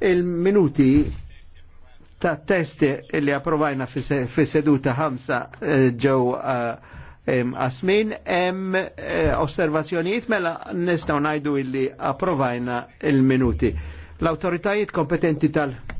il-minuti ta' test li approvajna fi seduta ħamsa eh, ġew eh, asmin, hemm eh, osservazzjonijiet mela nistgħu ngħidu illi approvajna il-minuti. L-autoritajiet kompetenti tal-